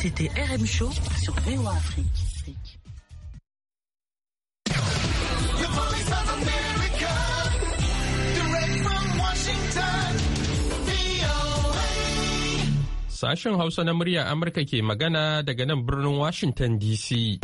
C'était RM Show sur VOA Afrique. magana daga Washington DC.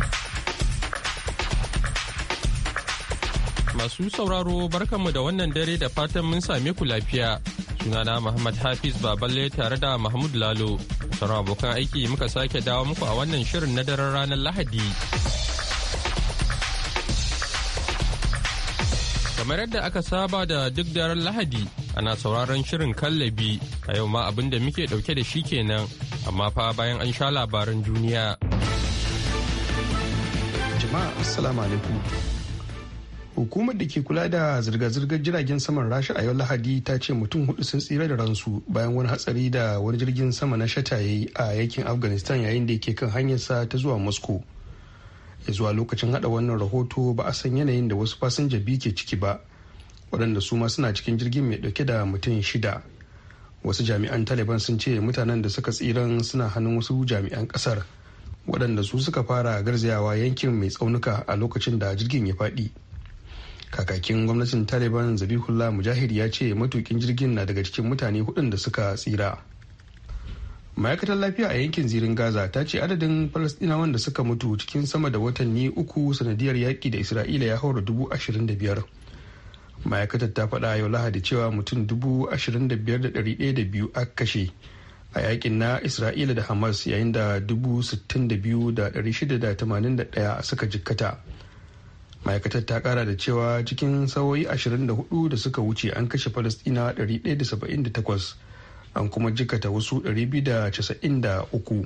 Masu sauraro barkanmu da wannan dare da fatan mun same ku lafiya. Sunana Muhammad Hafiz Baballe tare da Mahmud Lalo. Sauran abokan aiki muka sake dawo muku a wannan shirin na daren ranar Lahadi. Kamar yadda aka saba da duk daren Lahadi ana sauraron shirin kallabi a yau ma abin da muke dauke da shi kenan amma fa bayan an sha labaran duniya. Jama'a Assalamu hukumar da ke kula da zirga-zirgar jiragen saman rasha a yau lahadi ta ce mutum hudu sun tsira da ransu bayan wani hatsari da wani jirgin sama na shata ya yi a yakin afghanistan yayin da yake kan hanyarsa ta zuwa moscow ya zuwa lokacin hada wannan rahoto ba a san yanayin da wasu fasinja biyu ke ciki ba waɗanda su ma suna cikin jirgin mai ɗauke da mutum shida wasu jami'an taliban sun ce mutanen da suka tsiran suna hannun wasu jami'an ƙasar waɗanda su suka fara garzayawa yankin mai tsaunuka a lokacin da jirgin ya faɗi kakakin gwamnatin taliban zabihullah mujahid ya ce matukin jirgin na daga cikin mutane hudun da suka tsira ma'aikatar lafiya a yankin zirin gaza ta ce adadin falastinawan da suka mutu cikin sama da watanni uku sanadiyar yaƙi da isra'ila ya haura dubu ashirin da biyar ma'aikatar ta faɗa yau lahadi cewa mutum dubu ashirin da biyar da ɗari ɗaya da biyu aka kashe a yaƙin na isra'ila da hamas yayin da dubu sittin da biyu da ɗari shida da tamanin da ɗaya suka jikkata ma'aikatar ta kara da cewa cikin sawoyi 24 da suka wuce an kashe falastina 178 an kuma jikata wasu 293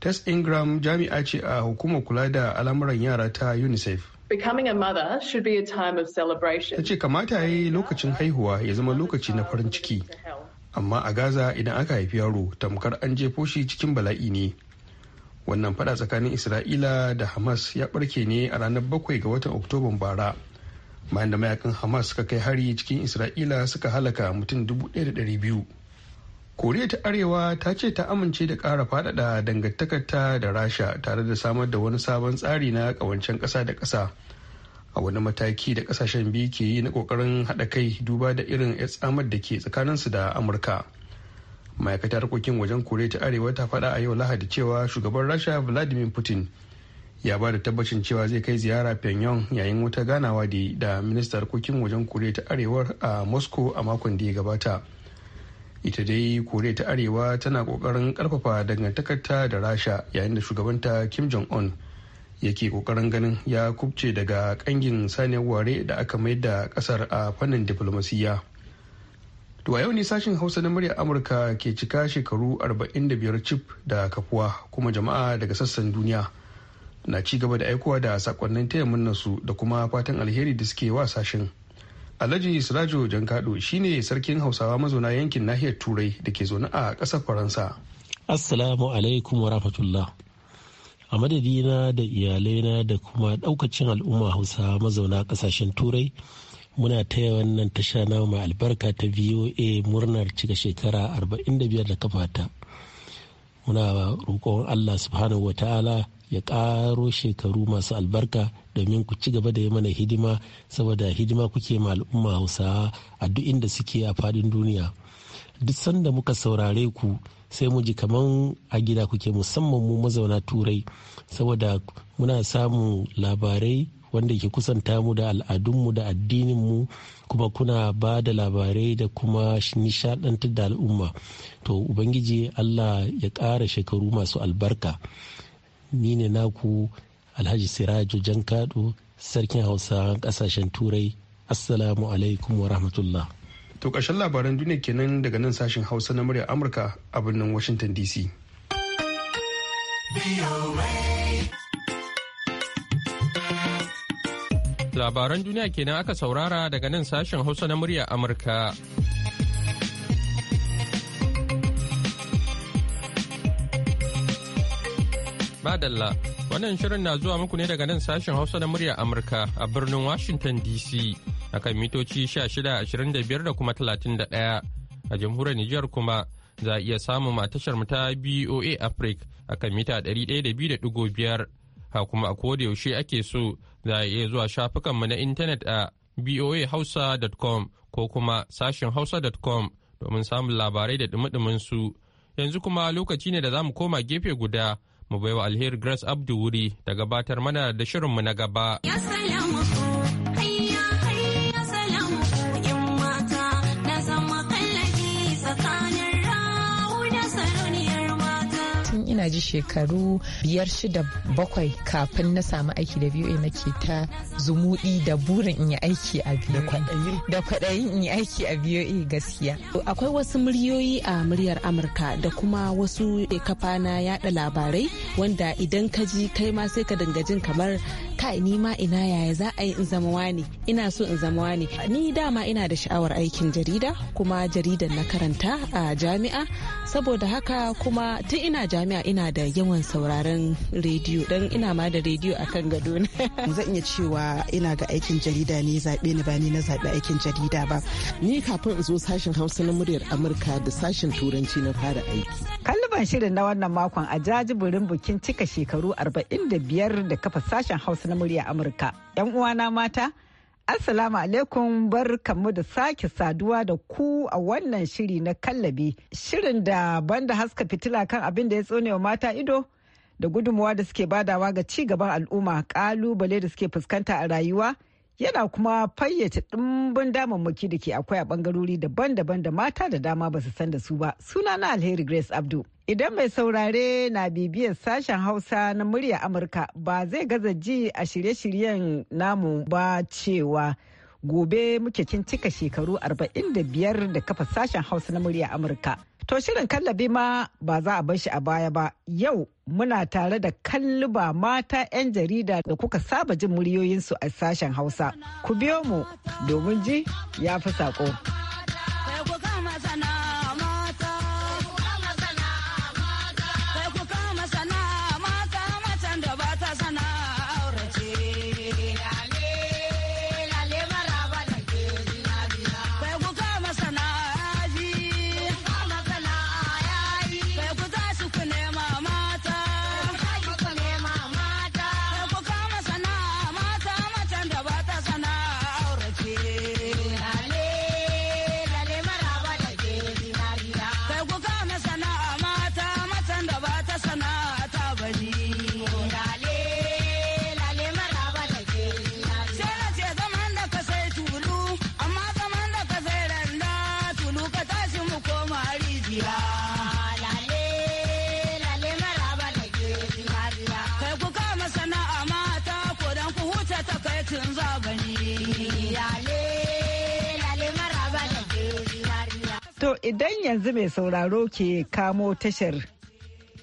tess ingram jami'a ce a hukumar kula da al'amuran yara ta unicef Becoming a mother time of celebration. Ta ce kamata ya yi lokacin haihuwa ya zama lokaci na farin ciki. Amma a Gaza idan aka haifi yaro tamkar an jefo shi cikin bala'i ne. wannan fada tsakanin isra'ila da hamas ya barke ne a ranar bakwai ga watan oktoban bara bayan da mayakan hamas suka kai hari cikin isra'ila suka halaka mutum 1,200 koriya ta arewa ta ce ta amince da kara fadada dangantakarta da rasha tare da samar da wani sabon tsari na kawancen kasa da kasa a wani mataki da kasashen biyu ke yi na kokarin haɗa kai duba da irin tsamar da ke tsakaninsu da amurka. ma'aikatar harkokin wajen koriya ta arewa ta faɗa a yau lahadi cewa shugaban rasha vladimir putin ya ba da tabbacin cewa zai kai ziyara pyongyang yayin wata ganawa da da ministan harkokin wajen koriya ta arewa a moscow a makon da ya gabata ita dai koriya ta arewa tana kokarin karfafa dangantakarta da rasha yayin da shugabanta kim jong un yake kokarin ganin ya kubce daga kangin saniyar ware da aka mai da kasar a fannin diflomasiyya. To a yau ne sashen Hausa na muryar Amurka ke cika shekaru 45 cif da kafuwa kuma jama'a daga sassan duniya na ci gaba da aikowa da sakonnin taya su da kuma fatan alheri da suke wa sashen. Alhaji Sirajo Jankado shine sarkin Hausawa mazauna yankin nahiyar Turai da ke zaune a ƙasar Faransa. Assalamu alaikum wa rahmatullah. A madadina da iyalaina da kuma ɗaukacin al'umma Hausa mazauna ƙasashen Turai. muna taya wannan tasha na mai albarka ta voa murnar cika shekara 45 da kafata muna roƙon allah subhanahu wata'ala ya ƙaro shekaru masu albarka domin ku ci gaba da yi mana hidima saboda hidima kuke ma al'umma hausawa a duk inda suke a faɗin duniya duk sanda muka saurare ku sai mu ji kaman a gida kuke musamman mu mazauna turai saboda muna samun labarai wanda ke kusanta mu da al'adunmu da addininmu kuma kuna ba da labarai da kuma nishadantar da al'umma to ubangiji allah ya ƙara shekaru masu albarka ni ne naku alhaji Jan kaɗo sarkin hausa ƙasashen turai assalamu alaikum wa rahmatullah to ƙarshen labaran duniya kenan daga nan sashen hausa na murya amurka a birnin washington dc Labaran duniya kenan aka saurara daga nan sashen Hausa na murya Amurka. Madalla, wannan shirin na zuwa muku ne daga nan sashen Hausa na murya Amurka a birnin Washington DC akan mitoci 1625 da kuma 31 a jamhuriyar Nijar kuma za a iya samun matashar mu ta BOA Africa kan mita biyar. ha kuma a koda yaushe ake so za a iya zuwa shafukanmu na intanet a boahausa.com ko kuma sashin hausa.com domin samun labarai da dumi su yanzu kuma lokaci ne da za mu koma gefe guda mu bai wa alheri grace abdu wuri da gabatar mana da shirinmu na gaba. ina ji shekaru biyar shida bakwai kafin na samu aiki da biyu nake ta zumudi da burin in yi aiki a biyu da kwaɗayin in yi aiki a biyu gaskiya akwai wasu muryoyi a muryar amurka da kuma wasu kafa na yada labarai wanda idan ka ji kai ma sai ka dinga jin kamar kai ni ma ina yaya za a yi in zama wani ina so in zama wani ni dama ina da sha'awar aikin jarida kuma jaridan na karanta a jami'a saboda haka kuma tun ina jami'a ina da yawan sauraron rediyo dan ina ma da rediyo a kan gado zan iya cewa ina ga aikin jarida ne zaɓe ni ba ni na zaɓi aikin jarida ba ni kafin in zo sashin hausa na muryar amurka da sashin turanci na fara aiki kalliban shirin na wannan makon a jajibirin bikin cika shekaru 45 da kafa sashen hausa na murya Amurka. 'Yan uwana mata, Assalamu alaikum bar kamu da sake saduwa da ku a wannan shiri na kallabi. Shirin da banda haska fitila kan abin da ya tsonewa mata ido da gudunmuwa da suke badawa ga ci gaban al'umma kalubale da suke fuskanta a rayuwa yana kuma fayyace ɗimbin damammaki da ke akwai a bangarori daban-daban da mata da dama ba su san da su ba. sunana Alheri Grace Abdu. Idan mai saurare na bibiyar sashen Hausa na murya Amurka ba zai gaza ji a shirye-shiryen namu ba cewa gobe muke kin cika shekaru 45 da kafa sashen Hausa na murya Amurka. To shirin kallabi ma ba za a bar shi a baya ba yau muna tare da kalluba mata 'yan jarida da kuka saba jin muryoyinsu a sashen Hausa. Ku biyo mu domin ji ya fi saƙo. idan yanzu mai sauraro ke kamo tashar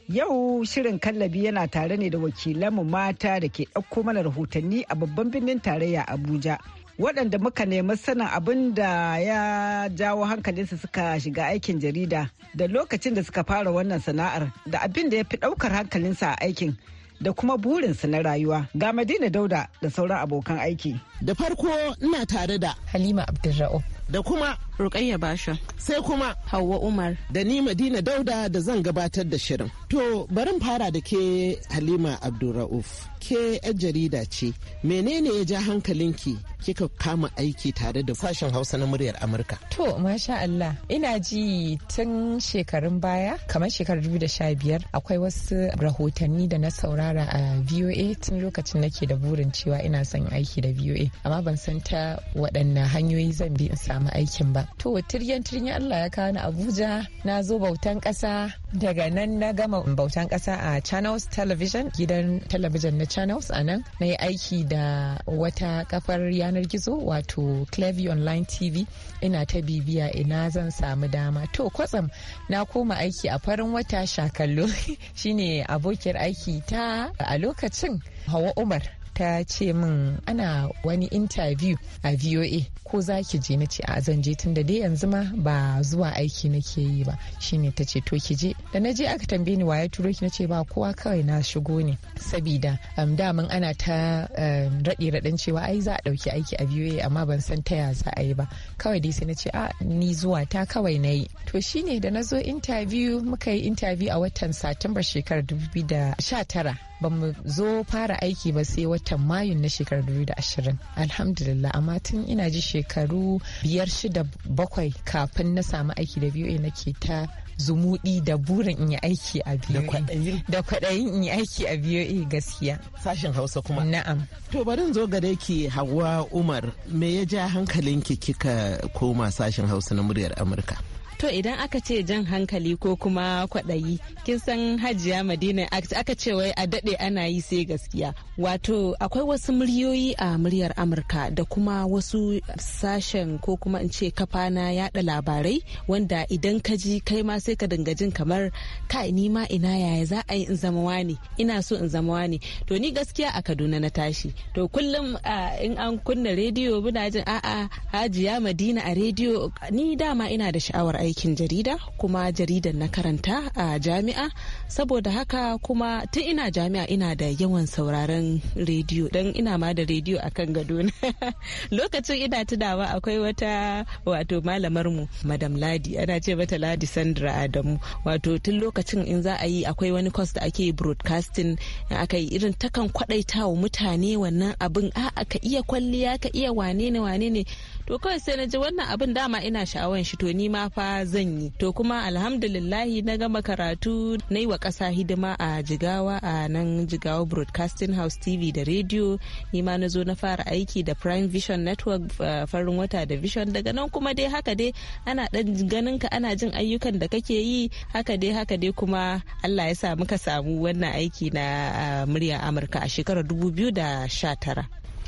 yau shirin kallabi yana tare ne da wakilanmu mata da ke ɗauko mana rahotanni a babban birnin tarayya abuja waɗanda muka nemi sanin abin da ya jawo hankalinsu suka shiga aikin jarida da lokacin da suka fara wannan sana'ar da abin da ya fi ɗaukar hankalinsa a aikin da kuma burinsu na rayuwa ga madina dauda da sauran abokan aiki da farko ina tare da halima Abdulra'u. da kuma Rukayya Basha sai kuma Hauwa Umar da ni Madina Dauda da zan gabatar da shirin. To barin fara da ke Halima Abdulrauf ke yar jarida ce menene ya ja hankalinki kika kama aiki tare da sashen Hausa na muryar Amurka? To masha Allah ina ji tun shekarun baya kamar shekarar biyar akwai wasu rahotanni da na saurara a VOA tun lokacin nake da burin cewa ina son aiki da VOA amma ban san ta waɗanne hanyoyi zan bi in samu samu aikin ba to tiryan tiryan Allah ya kawo ni Abuja na zo bautan ƙasa daga nan na gama bautan ƙasa a Channels Television gidan television na Channels a nan na yi aiki da wata kafar yanar gizo wato Clevy Online TV ina ta bibiya ina zan samu dama to kwatsam na koma aiki a farin wata shakallo shine abokiyar aiki ta a lokacin Hawa Umar ta ce min ana wani interview a voa ko za ki je na ce a zan je da dai yanzu ma ba zuwa aiki nake yi ba shine ta ce to ki je da na je aka tambaye ni waye turo ki na ce ba kowa kawai na shigo ne sabida um, daman ana ta um, raɗe raɗen cewa ai za a ɗauki aiki a voa amma ban san ta ya za a yi ba kawai dai sai na ce a ni zuwa ta kawai na yi to shine da na zo interview muka yi interview a watan satumba shekarar 2019 ba mu zo fara aiki ba sai watan mayu na shekarar 2020 alhamdulillah amma tun ina ji shekaru biyar shida bakwai kafin na samu aiki da voa nake ta zumudi da burin in yi aiki a biyoyi da kwaɗayin in yi aiki a biyoyi gaskiya sashen hausa kuma na'am to bari zo gare ki hawa umar me ya ja hankalinki kika koma sashen hausa na muryar amurka To idan aka ce jan hankali ko kuma kwaɗayi, kin san hajiya Madina aka ce wai a daɗe ana yi sai gaskiya. Wato akwai wasu muryoyi a muryar Amurka da kuma wasu sashen ko kuma in ce kafa na yaɗa labarai wanda idan ka ji kai ma sai ka dinga jin kamar ka ni ma ina yaya za a yi in zama wani ina so in zama wani to ni gaskiya a Kaduna na tashi to kullum in an kunna rediyo muna jin a'a hajiya Madina a rediyo ni dama ina da sha'awar aikin jarida kuma jaridar na karanta a jami'a saboda haka kuma tun ina jami'a ina da yawan sauraron rediyo don ina ma da rediyo a kan gado lokacin ina tunawa akwai wata wato malamarmu madam ladi ana ce mata ladi sandra adamu wato tun lokacin in za a yi akwai wani kwas da ake broadcasting aka yi irin takan kwadaita wa mutane wannan abin a ka iya kwalliya ka iya wane ne wane ne to kawai sai na ji wannan abin dama ina sha'awan shi to ni ma fa zan yi to kuma alhamdulillahi na gama karatu na yi wa kasa hidima a jigawa a nan jigawa broadcasting house tv da rediyo nima na zo na fara aiki da prime vision network uh, farin wata da vision daga nan kuma dai haka dai ana dan ganin ka ana jin ayyukan da kake yi haka dai haka dai kuma allah ya sa muka samu wannan aiki na uh, murya amurka a shekarar 2019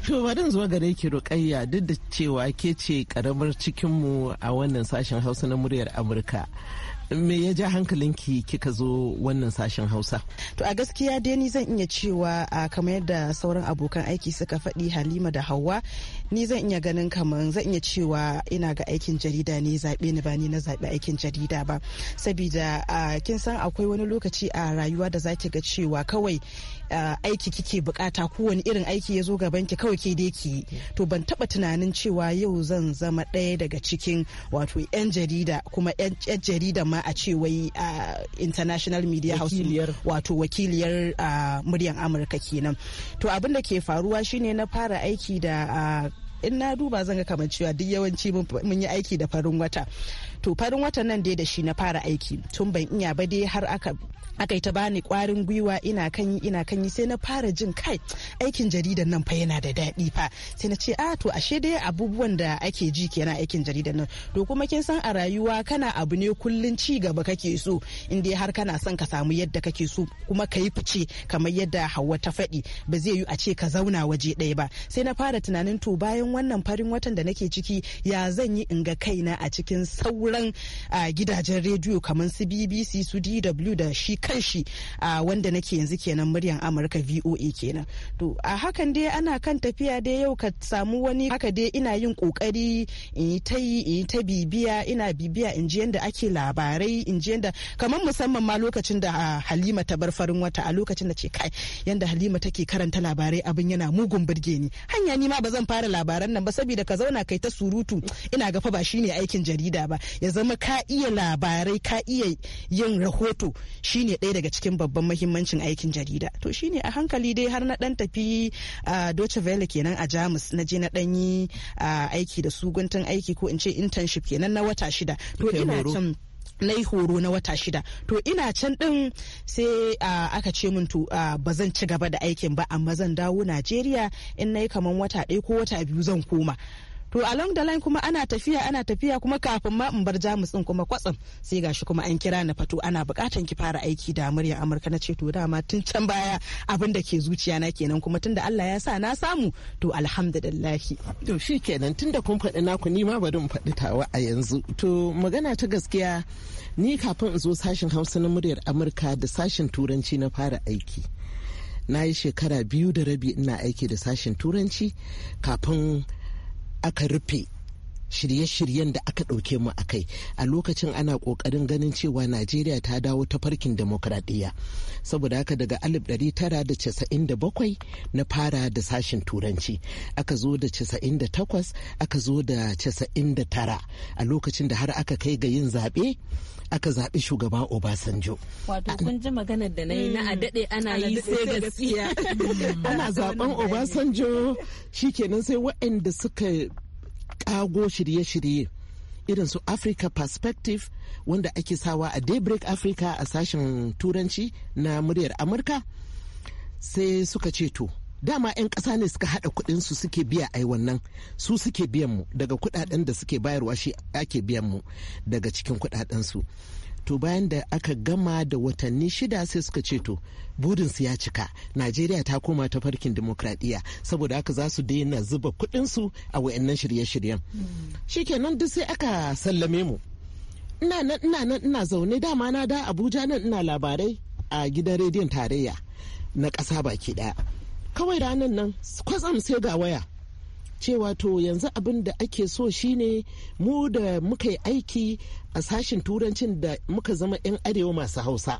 To bari zuwa gare ki Rukayya duk da cewa ke ce karamar cikinmu a wannan sashen Hausa na muryar Amurka. me ya ja hankalinki kika zo wannan sashen hausa to a gaskiya dai ni zan iya cewa a kamar yadda sauran abokan aiki suka faɗi halima da hawa ni zan iya ganin kamar zan iya cewa ina ga aikin jarida ne zaɓe ni ba ni na zaɓi aikin jarida ba sabida kin san akwai wani lokaci a rayuwa da zaki ga cewa kawai aiki kike bukata ko wani irin aiki ya zo gaban ki kawai ke dai ki to ban taba tunanin cewa yau zan zama ɗaya daga cikin wato yan jarida kuma yan jarida ma a ce wai international media house wato wakiliyar muryan amurka kenan to abin da ke faruwa shine na fara aiki da in na duba zan ga kamar cewa duk yawanci mun yi aiki da farin wata to farin watan nan dai da shi na fara aiki tun ban iya ba dai har aka aka ta bani kwarin gwiwa ina kan yi ina kan sai na fara jin kai aikin jaridan nan fa yana da daɗi fa sai na ce a to ashe dai abubuwan da ake ji kenan aikin jaridan nan to kuma kin san a rayuwa kana abu ne kullun ci gaba kake so in dai har kana son ka samu yadda kake so kuma ka yi fice kamar yadda Hauwa ta faɗi ba zai yi a ce ka zauna waje ɗaya ba sai na fara tunanin to bayan wannan farin watan da nake ciki ya zan yi in ga kaina a cikin saurin. sauran gidajen rediyo kamar su bbc su dw da shi kanshi wanda nake yanzu kenan muryan amurka voa kenan to a hakan dai ana kan tafiya dai yau ka samu wani haka dai ina yin kokari in ta yi in ta bibiya ina bibiya in ji yadda ake labarai in ji yadda kamar musamman ma lokacin da halima ta bar farin wata a lokacin da ce kai yadda halima take karanta labarai abin yana mugun birge ni hanya ni ma ba zan fara labaran nan ba saboda ka zauna kai ta surutu ina gafa ba shine aikin jarida ba ya zama ka iya labarai ka iya yin rahoto shine ɗaya daga cikin babban mahimmancin aikin jarida to shine a hankali dai har na ɗan tafi a Deutsche Welle kenan a Jamus na je na ɗan yi aiki da su guntun aiki ko in ce internship kenan na wata shida to ina can na yi horo na wata shida to ina can din sai aka ce min to ba zan ci gaba da aikin ba amma zan dawo najeriya in na yi kaman wata ɗaya ko wata biyu zan koma to along the line kuma ana tafiya ana tafiya kuma kafin ma in bar jamus din kuma kwatsam sai gashi kuma an kira na fato ana bukatan ki fara aiki da muryar amurka na ce to dama tun can baya abin da ke zuciya na kenan kuma tun da allah ya sa na samu to alhamdulillah to shi kenan tun da kun faɗi naku ni ma bari in faɗi tawa a yanzu to magana ta gaskiya ni kafin in zo sashin hausa na muryar amurka da sashen turanci na fara aiki na yi shekara biyu da rabi ina aiki da sashin turanci kafin aka rufe shirye-shiryen da aka ɗauke mu a kai a lokacin ana ƙoƙarin ganin cewa najeriya ta dawo ta farkin demokradiyya saboda haka daga 1997 na fara da sashen turanci aka zo da 98 aka zo da 99 a lokacin da har aka kai ga yin zaɓe aka zaɓi shugaba Obasanjo. Wato kun ji maganar da na yi na a hmm. daɗe ana yi sai gaskiya. Ana zaɓen hmm. Obasanjo shikenan sai waɗanda suka kago shirye-shirye irin su africa perspective wanda ake sawa a daybreak africa a sashen turanci na muryar amurka sai suka ce to dama 'yan ƙasa ne suka haɗa kuɗin su suke biya ai wannan su suke biyan mu daga kudaden da suke bayarwa shi ake biyan mu daga cikin kuɗaɗen su to bayan da aka gama da watanni shida sai suka ce to su ya cika najeriya ta koma ta farkin demokradiyya saboda haka za su daina zuba su a wayannan shirye-shiryen shikenan duk sai aka sallame mu ina nan ina nan ina zaune dama na da abuja nan ina labarai a gidan rediyon tarayya na ƙasa baki ɗaya kawai ranar nan kwatsam sai ga waya cewa to yanzu abin da ake so shine mu da muka yi aiki a sashen turancin da muka zama 'yan arewa masu hausa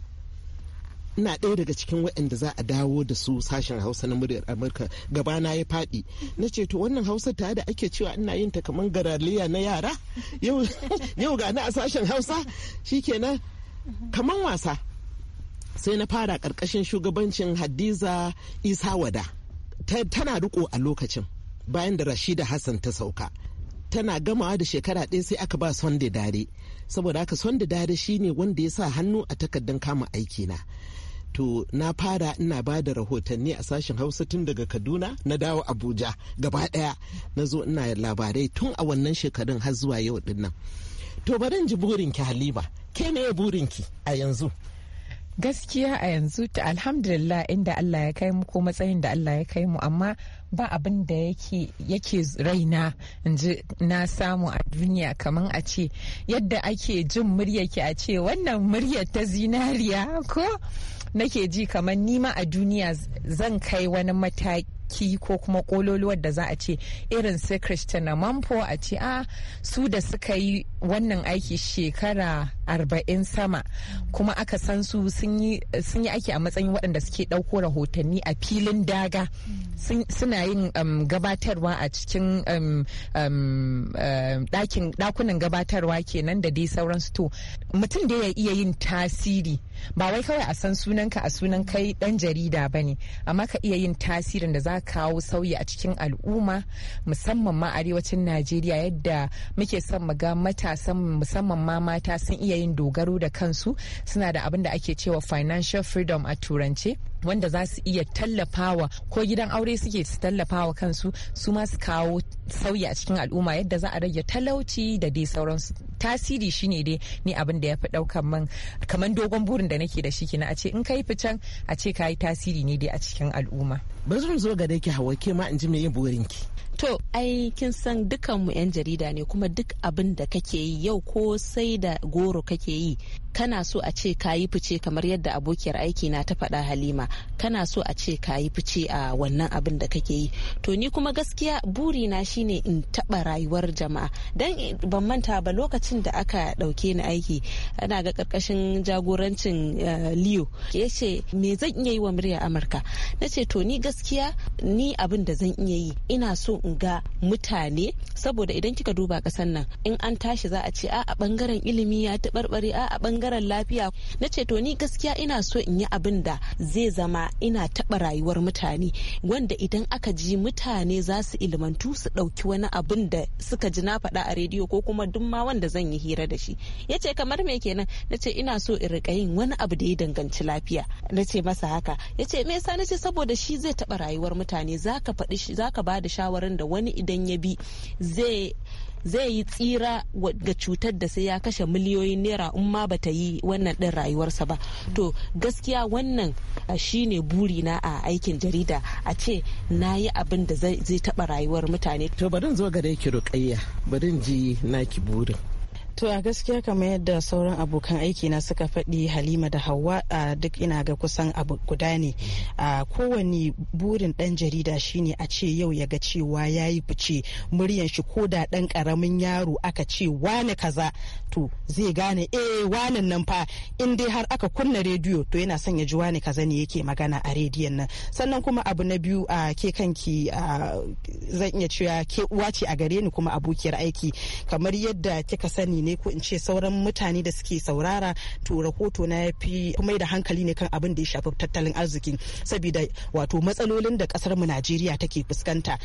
ina ɗaya daga cikin waɗanda za a dawo da su sashen hausa na muryar amurka gabana ya faɗi na ce to wannan hausa ta da ake cewa ina yin ta kamar garaliya na yara yau ga na a sashen hausa shikenan kamar wasa sai na fara ƙarƙashin shugabancin hadiza isa wada tana riko a lokacin bayan da rashida hassan ta sauka tana gamawa da shekara ɗaya sai aka ba sonde dare saboda haka sonde dare shine wanda ya sa hannu a takardar kama aiki na. to na fara ina ba da rahotanni a sashen hausa tun daga kaduna na dawo abuja gaba ɗaya na zo ina labarai tun a wannan shekarun har zuwa yau dinnan to bari in ji burinki halima ke ne burinki a yanzu gaskiya a yanzu ta alhamdulillah inda Allah ya kai mu ko matsayin da Allah ya kai mu amma ba abin da yake raina inji na samu a duniya kamar a ce yadda ake jin muryarki a ce wannan muryar ta zinariya ko nake ji kamar nima a duniya zan kai wani mataki ki ko kuma kololuwar da za a ce irin su Christian Mampo a ce a ah, su da suka yi wannan aiki shekara arba'in sama kuma aka san su sun yi aiki a matsayin waɗanda suke ɗauko rahotanni a filin daga suna yin um, gabatarwa a cikin um, um, ɗakunan gabatarwa kenan da dai sauransu to mutum da ya iya yin tasiri ba wai kawai a san sunanka a sunan kai ɗan jarida ba ne amma ka iya yin tasirin da za ka kawo sauyi a cikin al'umma musamman ma arewacin najeriya yadda muke son mu ga matasan musamman ma mata sun iya iya yin dogaro da kansu suna da abin da ake cewa financial freedom a turance wanda za su iya tallafawa ko gidan aure suke su tallafawa kansu su ma su kawo sauyi a cikin al'umma yadda za a rage talauci da dai sauransu tasiri shine dai ni abin da ya fi daukan man kamar dogon burin da nake da shi kina a ce in kai fitan a ce kayi tasiri ne dai a cikin al'umma bari zan zo ga dai ki hawa ke ma in ji me yin burin ki to ai kin san dukan mu yan jarida ne kuma duk abin da kake yi yau ko sai da goro kake yi kana so a ce kayi fice kamar yadda abokiyar aiki na ta faɗa halima kana so a ce kayi fice a wannan abin da kake yi to ni kuma gaskiya buri na shine in taɓa rayuwar jama'a dan ban manta ba lokacin da aka ɗauke ni aiki ana ga ƙarƙashin jagorancin eh, liyo. ya ce me zan iya yi wa murya amurka na ce to ni gaskiya ni abin da zan iya yi ina so in ga mutane saboda idan kika duba ƙasar nan in an tashi za a ce a a ɓangaren ilimi ya taɓarɓare a a bangaren lafiya na ce to ni gaskiya ina so in yi abin da zai zama ina taɓa rayuwar mutane wanda idan aka ji mutane za su ilmantu su ɗauki wani abin da suka ji na faɗa a rediyo ko kuma duk ma wanda zan yi hira da shi ya ce kamar me kenan na ce ina so in riƙa yin wani abu da ya danganci lafiya na ce masa haka ya ce me yasa na ce saboda shi zai taɓa rayuwar mutane za ka ba da shawarar da wani idan ya bi zai zai yi tsira ga cutar da sai ya kashe miliyoyin naira in ma bata yi wannan din rayuwarsa ba to gaskiya wannan shine buri na a aikin jarida a ce na yi abin da zai taba rayuwar mutane to barin zo gare ki ruƙayya barin ji ki burin To a gaskiya kamar yadda sauran abokan aiki na suka faɗi Halima da Hauwa a duk ina ga kusan abu guda ne. A kowane burin ɗan jarida shine a ce yau ya ga cewa ya yi fice muryan shi ko da ɗan karamin yaro aka ce wane kaza to zai gane eh wanan nan fa in dai har aka kunna rediyo to yana son ya ji wane kaza ne yake magana a rediyon nan. Sannan kuma abu na biyu a ke kanki zan iya cewa ke uwa ce a gare ni kuma abokiyar aiki kamar yadda kika sani ne ne ko in ce sauran mutane da suke saurara to rahoto na ya fi mai da hankali ne kan abin da ya shafi tattalin arziki saboda wato matsalolin da kasar mu Najeriya take fuskanta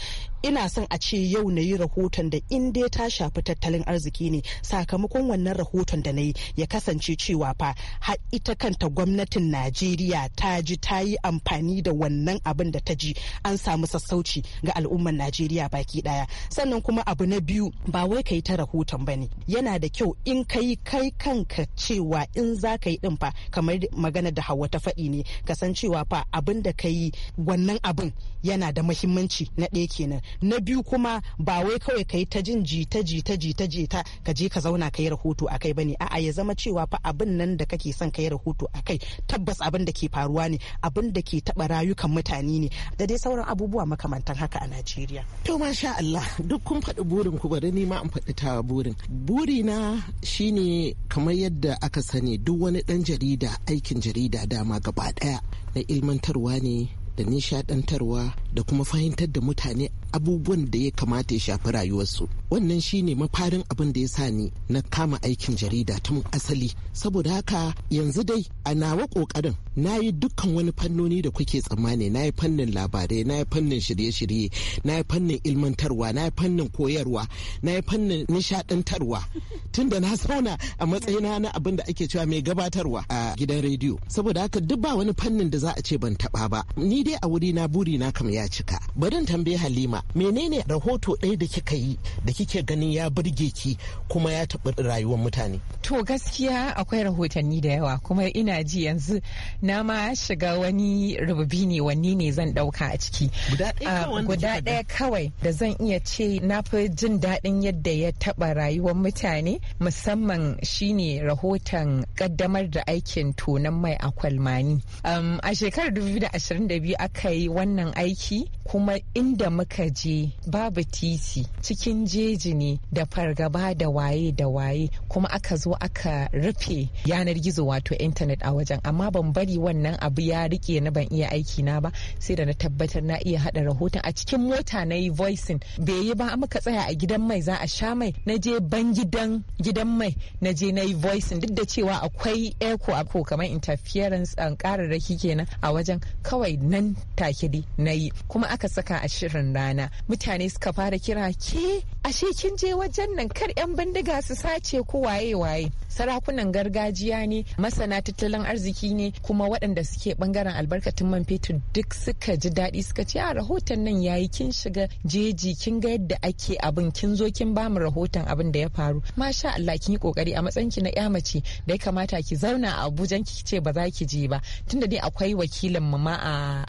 ina son a ce yau na yi rahoton da in dai ta shafi tattalin arziki ne sakamakon wannan rahoton da na yi ya kasance cewa fa har ita kanta gwamnatin Najeriya ta ji ta yi amfani da wannan abin da ta ji an samu sassauci ga al'ummar Najeriya baki daya sannan kuma abu na biyu ba wai kai ta rahoton bane yana da da kyau in kai kai kanka cewa in za ka yi din fa kamar magana da hawa ta faɗi ne ka san cewa fa abin da ka yi wannan abin yana da mahimmanci na ɗaya kenan na biyu kuma ba wai kawai ka yi ta jin jita jita jita jita ka je ka zauna ka yi rahoto a kai ne a'a ya zama cewa fa abin nan da kake son ka yi rahoto a kai tabbas abin da ke faruwa ne abin da ke taɓa rayukan mutane ne da dai sauran abubuwa makamantan haka a Najeriya. To masha Allah duk kun faɗi burin ku bari ni ma in faɗi ta burin. Burina na shine kamar yadda aka sani duk wani ɗan jarida aikin jarida dama gaba ɗaya na ilmantarwa ne da nishadantarwa da kuma fahimtar da mutane abubuwan da ya kamata ya shafi rayuwarsu wannan shine mafarin abin da ya sa ni na kama aikin jarida tun asali saboda haka yanzu dai a nawa kokarin na yi dukkan wani fannoni da kuke tsammani na yi fannin labarai na yi fannin shirye-shirye na yi fannin ilmantarwa na yi fannin koyarwa na yi fannin nishadantarwa tun da na zauna a matsayina na abin da ake cewa mai gabatarwa a gidan rediyo saboda haka duk ba wani fannin da za a ce ban taba ba ni dai a wuri na buri na kam ya cika barin tambaye halima menene rahoto ɗaya da kika yi da kike ganin ya burge ki kuma ya taɓa rayuwar mutane to gaskiya akwai rahotanni da yawa kuma ina ji yanzu na ma shiga wani rububi ne wanne ne zan ɗauka a ciki guda ɗaya ah, kawai da zan iya ce na fi jin daɗin yadda ya taɓa rayuwar mutane musamman shine rahoton ƙaddamar da aikin tonon mai a kwalmani a shekarar 2022 aka yi wannan aiki kuma inda muka je babu titi cikin jeji ne da fargaba da waye da waye kuma aka zo aka rufe yanar gizo wato intanet a wajen amma ban bari wannan abu ya rike na ban iya aiki na ba sai da na tabbatar na iya hada rahoton a cikin mota na yi voicing bai yi ba muka tsaya a gidan mai za a sha mai na je ban gidan gidan mai na je na yi voicing duk da cewa akwai echo ako kamar interference an kararraki kenan a wajen kawai nan take na yi kuma aka saka a shirin rana rana mutane suka fara kira ke ashe kin je wajen nan kar yan bindiga su sace ku waye waye sarakunan gargajiya ne masana tattalin arziki ne kuma waɗanda suke bangaren albarkatun man fetur duk suka ji daɗi suka ce a ah, rahoton nan yayi kin shiga jeji kin ga yadda ake abin kin zo kin ba mu rahoton abin da ya faru masha Allah kin yi kokari a matsayin ki na ya mace da ya kamata ki zauna a Abuja ki ce ba za ki je ba tunda dai akwai wakilin mu ma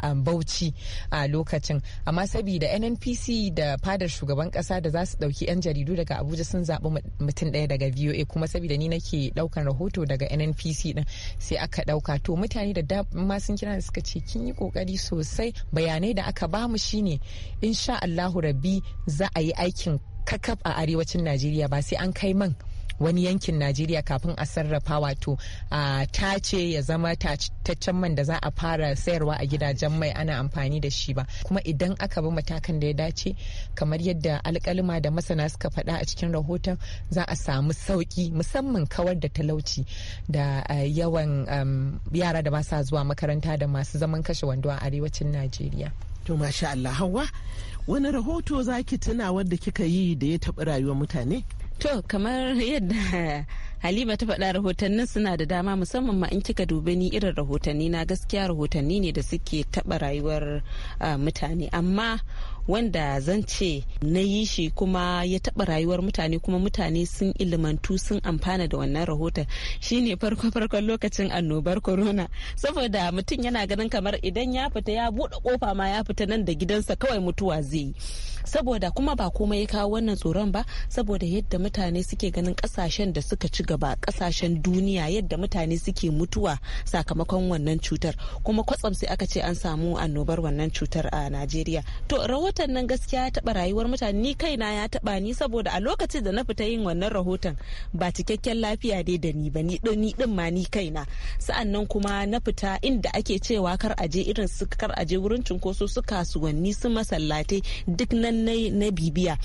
a Bauchi a lokacin amma saboda NNP NPC da fadar shugaban kasa da za su dauki 'yan jaridu daga Abuja sun zaɓi mutum ɗaya daga VOA kuma saboda ni nake ɗaukan rahoto daga NNPC din sai aka ɗauka to mutane da dama sun kira suka ce kin yi kokari sosai bayanai da aka bamu shine insha Allahu Rabbi za a yi aikin kakaf a arewacin Najeriya ba sai an kai man wani yankin najeriya kafin a sarrafa wato a tace ya zama taccen man da za a fara sayarwa a gidajen mai ana amfani da shi ba kuma idan aka bi matakan da ya dace kamar yadda alkalima da masana suka faɗa a cikin rahoton za a samu sauki musamman kawar da talauci da yawan um, yara da ba sa zuwa makaranta da masu zaman kashe wando a arewacin najeriya To masha Allah hawa wani rahoto za ki tuna wadda kika yi da ya taɓi rayuwar mutane? To kamar yadda Halima ta faɗa rahotannin suna da dama musamman ma in kika dube ni irin rahotanni na gaskiya rahotanni ne da suke taɓa rayuwar ah, mutane amma wanda zan ce na yi shi kuma ya taɓa rayuwar mutane kuma mutane sun ilimantu sun amfana da wannan rahoton shine farko farkon lokacin annobar corona saboda mutum yana ganin kamar idan ya fita ya buɗe kofa ma ya fita nan da gidansa kawai mutuwa zai yi saboda kuma ba komai ya kawo wannan tsoron ba saboda yadda mutane suke ganin kasashen da suka ci gaba kasashen duniya yadda mutane suke mutuwa sakamakon wannan cutar kuma kwatsam sai aka ce an samu annobar wannan cutar a najeriya to rahoton rahoton nan gaskiya ya taɓa rayuwar mutane ni kaina ya taɓa ni saboda a lokacin da na fita yin wannan rahoton ba cikakken lafiya dai da ni ba ni din ma ni kaina sa'annan kuma na fita inda ake cewa kar a je irin su kar a je wurin cunkoso su kasuwanni su masallatai duk nan na bibiya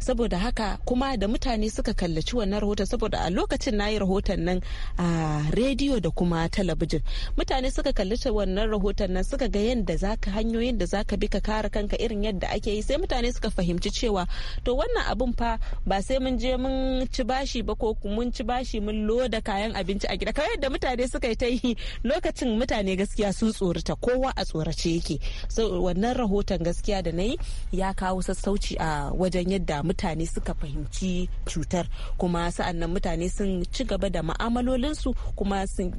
saboda haka kuma da mutane suka kallaci wannan rahoton saboda a lokacin na yi rahoton nan a rediyo da kuma talabijin mutane suka kallaci wannan rahoton nan suka ga yadda zaka hanyoyin da zaka bi ka kare kanka irin yadda ake yi sai mutane suka fahimci cewa to wannan abun fa ba sai mun je mun ci bashi ba ko mun ci bashi mun loda kayan abinci a gida kawai yadda mutane suka yi ta yi lokacin mutane gaskiya sun tsorata kowa a tsorace yake wannan rahoton gaskiya da na yi ya kawo sassauci a wajen yadda mutane suka fahimci cutar kuma sa'an nan mutane sun ci gaba da ma'amalolinsu kuma sun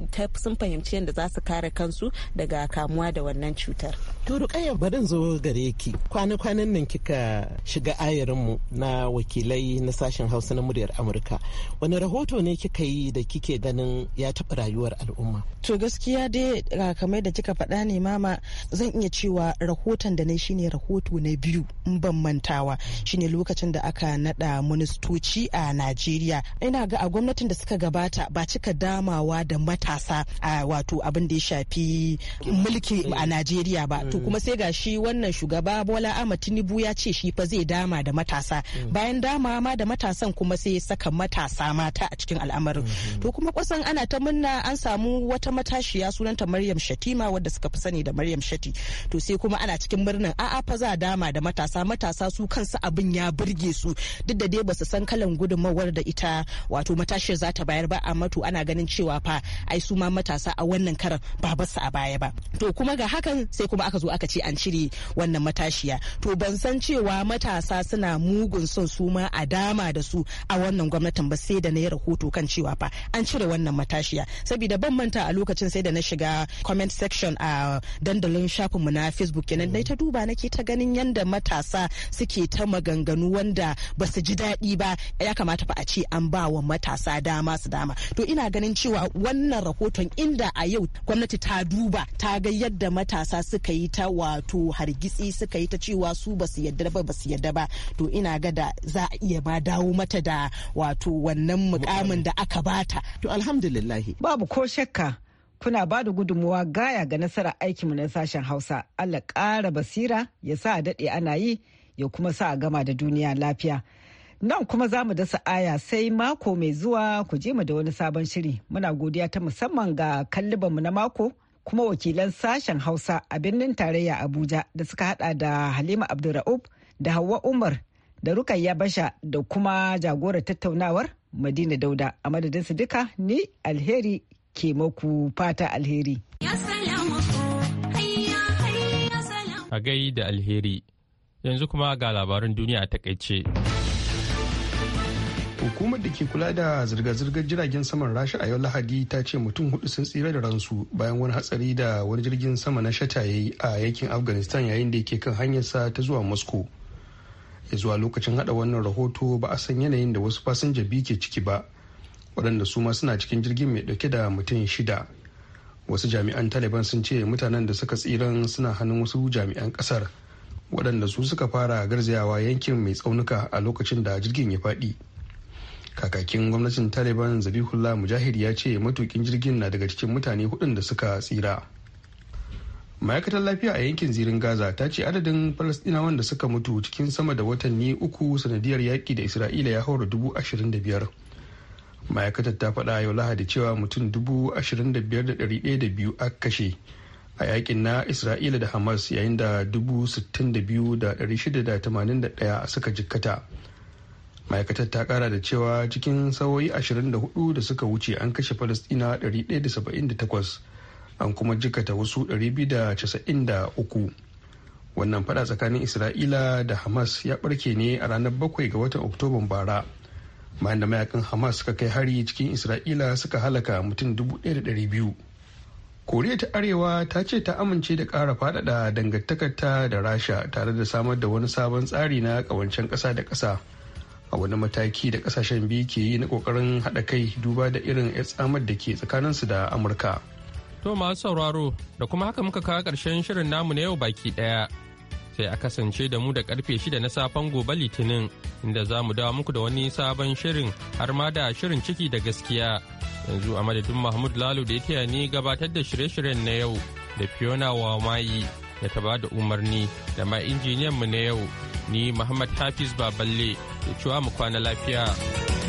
fahimci yadda za su kare kansu daga kamuwa da wannan cutar Turukaya barin zo gare ki kwana-kwanan nan kika shiga ayarinmu na wakilai na sashen Hausa na muryar Amurka. Wani rahoto ne kika yi da kike ganin ya taɓa rayuwar al'umma? To gaskiya dai kamar da kika faɗa ne mama zan iya cewa rahoton da na shine rahoto na biyu in ban mantawa shine lokacin da aka naɗa ministoci a Najeriya. Ina ga a gwamnatin da suka gabata ba cika damawa da matasa a wato abin da ya shafi mulki a Najeriya ba. to kuma sai ga shi wannan shugaba bola ahmad tinubu ya ce shi fa zai dama da matasa mm. bayan dama ma da matasan kuma sai saka matasa mata a cikin al'amarin mm-hmm. to kuma kwasan ana ta munna an samu wata matashiya sunanta maryam shatima wadda suka fi sani da maryam shati to sai kuma ana cikin murnan a'a fa za dama da matasa matasa su kansu abin ya burge su duk da dai basu san kalan gudunmawar da ita wato matashiyar za ta bayar ba amma to ana ganin cewa fa ai su ma matasa a wannan karan ba basu a baya ba to kuma ga hakan sai kuma aka zo aka ce an cire wannan matashiya to ban san cewa matasa suna mugun son su ma a dama da su a wannan gwamnatin ba sai da na yi rahoto kan cewa fa an cire wannan matashiya saboda ban manta a lokacin sai da na shiga comment section a dandalin shafinmu na facebook kenan dai ta duba nake ta ganin yanda matasa suke ta maganganu wanda ba su ji daɗi ba ya kamata fa a ce an ba wa matasa dama su dama to ina ganin cewa wannan rahoton inda a yau gwamnati ta duba ta ga yadda matasa suka yi ta wato hargitsi suka yi ta cewa su basu yadda ba basu yadda ba to ina ga da za a iya ba dawo mata da wato wannan mukamin da aka bata to alhamdulillah babu ko shakka kuna ba da gudunmuwa gaya ga nasarar mu na sashen hausa allah ƙara basira ya sa a daɗe ana yi ya kuma sa a gama da duniya lafiya nan kuma za mu dasa aya sai mako mai zuwa ku je mu da wani sabon shiri muna godiya ta musamman ga mu na mako kuma wakilan sashen Hausa a birnin tarayya Abuja da suka hada da Halima Abdulra'ub da Hauwa Umar da Rukayya Basha da kuma jagorar tattaunawar Madina Dauda a madadin su duka ni alheri ke maku fata alheri. A gai da alheri, yanzu kuma ga labarin duniya a takaice. hukumar da ke kula da zirga-zirgar jiragen saman rasha a yau lahadi ta ce mutum hudu sun tsira da ransu bayan wani hatsari da wani jirgin sama na shata ya yi a yankin afghanistan yayin da yake kan hanyarsa ta zuwa moscow ya zuwa lokacin hada wannan rahoto ba a san yanayin da wasu fasinja biyu ke ciki ba waɗanda su ma suna cikin jirgin mai ɗauke da mutum shida wasu jami'an taliban sun ce mutanen da suka tsiran suna hannun wasu jami'an ƙasar waɗanda su suka fara garzayawa yankin mai tsaunuka a lokacin da jirgin ya faɗi. kakakin gwamnatin taliban zabihullah mujahid ya ce matukin jirgin na daga cikin mutane hudun da suka tsira ma'aikatar lafiya a yankin zirin gaza ta ce adadin falastinawan da suka mutu cikin sama da watanni uku sanadiyar yaƙi da isra'ila ya haura dubu ashirin da biyar ma'aikatar ta faɗa yau lahadi cewa mutum dubu ashirin da biyar da ɗari ɗaya da biyu a kashe a yaƙin na isra'ila da hamas yayin da dubu sittin da biyu da ɗari shida da tamanin da ɗaya suka jikkata ma'aikatar ta kara da cewa cikin sawoyi 24 da suka wuce an kashe falastina 178 an kuma jikata wasu 293 wannan fada tsakanin isra'ila da hamas ya barke ne a ranar 7 ga watan oktoban bara bayan da mayakan hamas suka kai hari cikin isra'ila suka halaka mutum 1200 koriya ta arewa ta ce ta amince da kara fadada dangantakarta da rasha tare da samar da wani sabon tsari na ƙawancen kasa da ƙasa a wani mataki da kasashen biyu ke yi na kokarin haɗa kai duba da irin tsamar da ke tsakanin su da amurka to masu sauraro da kuma haka muka kawo ƙarshen shirin namu na yau baki ɗaya sai a kasance da mu da karfe shida na safen gobe litinin inda za mu dawo muku da wani sabon shirin har ma da shirin ciki da gaskiya yanzu a madadin mahmud lalu da ya ne gabatar da shirye-shiryen na yau da fiona wa mayi da ta ba da umarni da ma injiniyan mu na yau ni Muhammad Hafiz Baballe da cewa mu kwana lafiya.